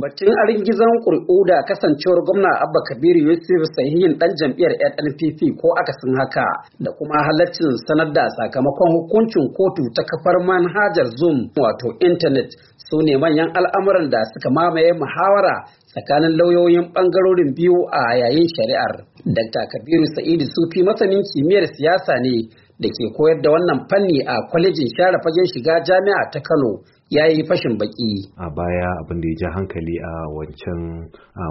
Batun arin gizan ƙuri'u da kasancewar gwamna Abba Kabiru Yusuf sahihin ɗan jam'iyyar NNPP ko akasin haka da kuma halaccin sanar da sakamakon hukuncin kotu ta kafar manhajar Zoom wato intanet su ne manyan al'amuran da suka mamaye muhawara tsakanin lauyoyin ɓangarorin biyu a yayin shari'ar. Dr. Kabiru Sa'idu Sufi masanin kimiyyar siyasa ne da ke koyar da wannan fanni a kwalejin share fagen shiga jami'a ta Kano ya yi fashin baki. A baya abin da ya ji hankali a wancan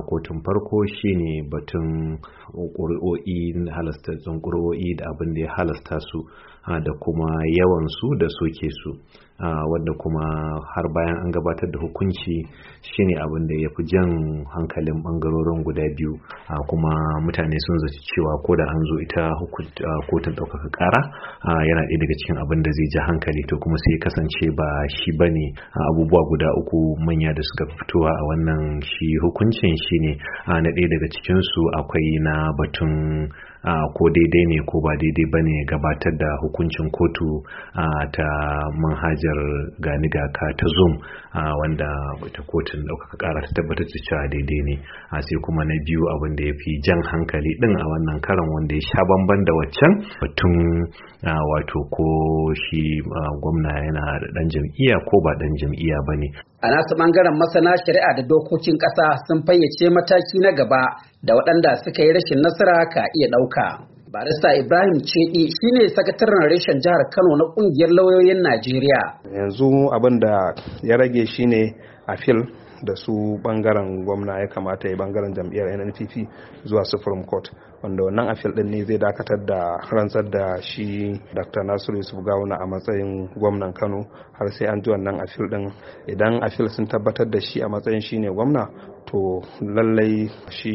kotun farko shine batun ƙuri'o'i halasta ƙuri'o'i da abin da ya halasta su da kuma yawan su da soke su wadda kuma har bayan an gabatar da hukunci shine abin da ya fi jan hankalin bangarorin guda biyu kuma mutane sun zaci cewa ko da an zo ita kotun ɗaukaka ƙara yana ɗaya daga cikin abin da zai ji hankali to kuma sai kasance ba shi bane abubuwa guda uku manya da suka fitowa a wannan shi hukuncin shine na ɗaya daga cikinsu akwai na batun ko daidai ne ko ba daidai ba ne gabatar da hukuncin kotu ta manhajar gani ka ta zoom wanda ta kotun ɗaukaka ƙara ta tabbatar da cewa daidai ne a sai kuma na biyu abin da ya fi jan hankali ɗin a wannan karan wanda ya sha bamban da waccan batun wato ko shi gwamna yana da ɗan jam'iyya ko ba ɗan jam'iyya ba ne a nasu ɓangaren masana shari'a da dokokin ƙasa sun fayyace mataki na gaba da waɗanda suka yi rashin nasara ka iya ɗauka. Barista Ibrahim Cedi shine sakataren reshen jihar Kano na ƙungiyar lauyoyin Najeriya. Yanzu abin da ya rage shine a fil da su ɓangaren gwamna ya kamata ya ɓangaren jam'iyyar nnpp zuwa supreme court wanda wannan a fil ɗin ne zai dakatar da rantsar da shi dr nasiru yusuf gawuna a matsayin gwamnan kano har sai an ji wannan fil ɗin. idan a fil sun tabbatar da shi a matsayin shine gwamna to lallai shi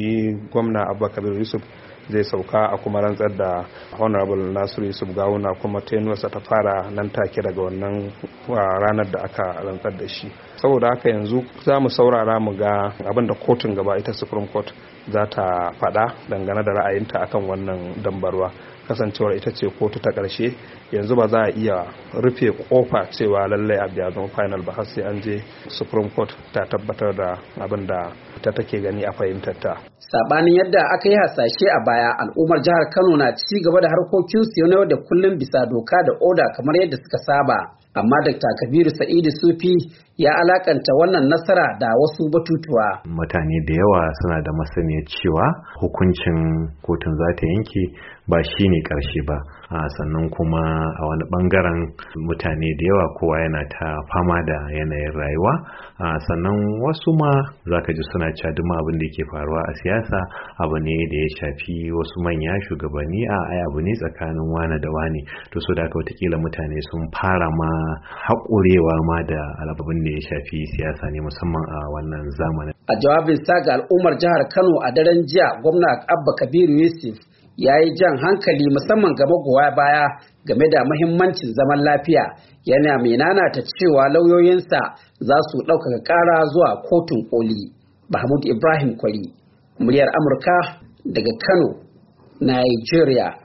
gwamna abubakar yusuf zai sauka a kuma rantsar da honorable nasiru yusuf gawuna kuma tenuwarsa ta fara nan take daga wannan ranar da aka rantsar da shi saboda haka yanzu za mu saurara mu ga abin da kotun gaba ita supreme court za ta faɗa dangane da ra'ayinta akan wannan dambarwa kasancewar ita ce kotu ta ƙarshe yanzu ba za a iya rufe kofa cewa lallai abu ya zama final ba har sai an je supreme court ta tabbatar da abin da ta take gani a fahimtar ta sabanin yadda aka yi hasashe a baya al'ummar jihar kano na ci gaba da harkokin su yau da kullum bisa doka da oda kamar yadda suka saba amma Dr. Kabiru Sa'idu Sufi ya alakanta wannan nasara da wasu batutuwa. Mutane da yawa suna da masaniyar cewa hukuncin kotun za ta yanke ba shi ne ƙarshe ba. A sannan kuma a wani ɓangaren mutane da yawa kowa yana ta fama da yanayin rayuwa. A sannan wasu ma za ka ji suna caduma abin da ke faruwa a siyasa abu ne da ya shafi wasu manya shugabanni a ai abu ne tsakanin wane da wane. To so da haka watakila mutane sun fara ma haƙurewa ma da alababin da ya shafi siyasa ne musamman a wannan zamanin. A jawabin jawabinsa ga al'ummar jihar Kano a daren jiya gwamna Abba Kabiru Yusuf ya yi jan hankali musamman ga magowa baya game da mahimmancin zaman lafiya yana mai nanata cewa lauyoyinsa za su ɗaukaka ƙara zuwa kotun koli. Mahmud Ibrahim Kwari, muryar Amurka daga Kano, Nigeria.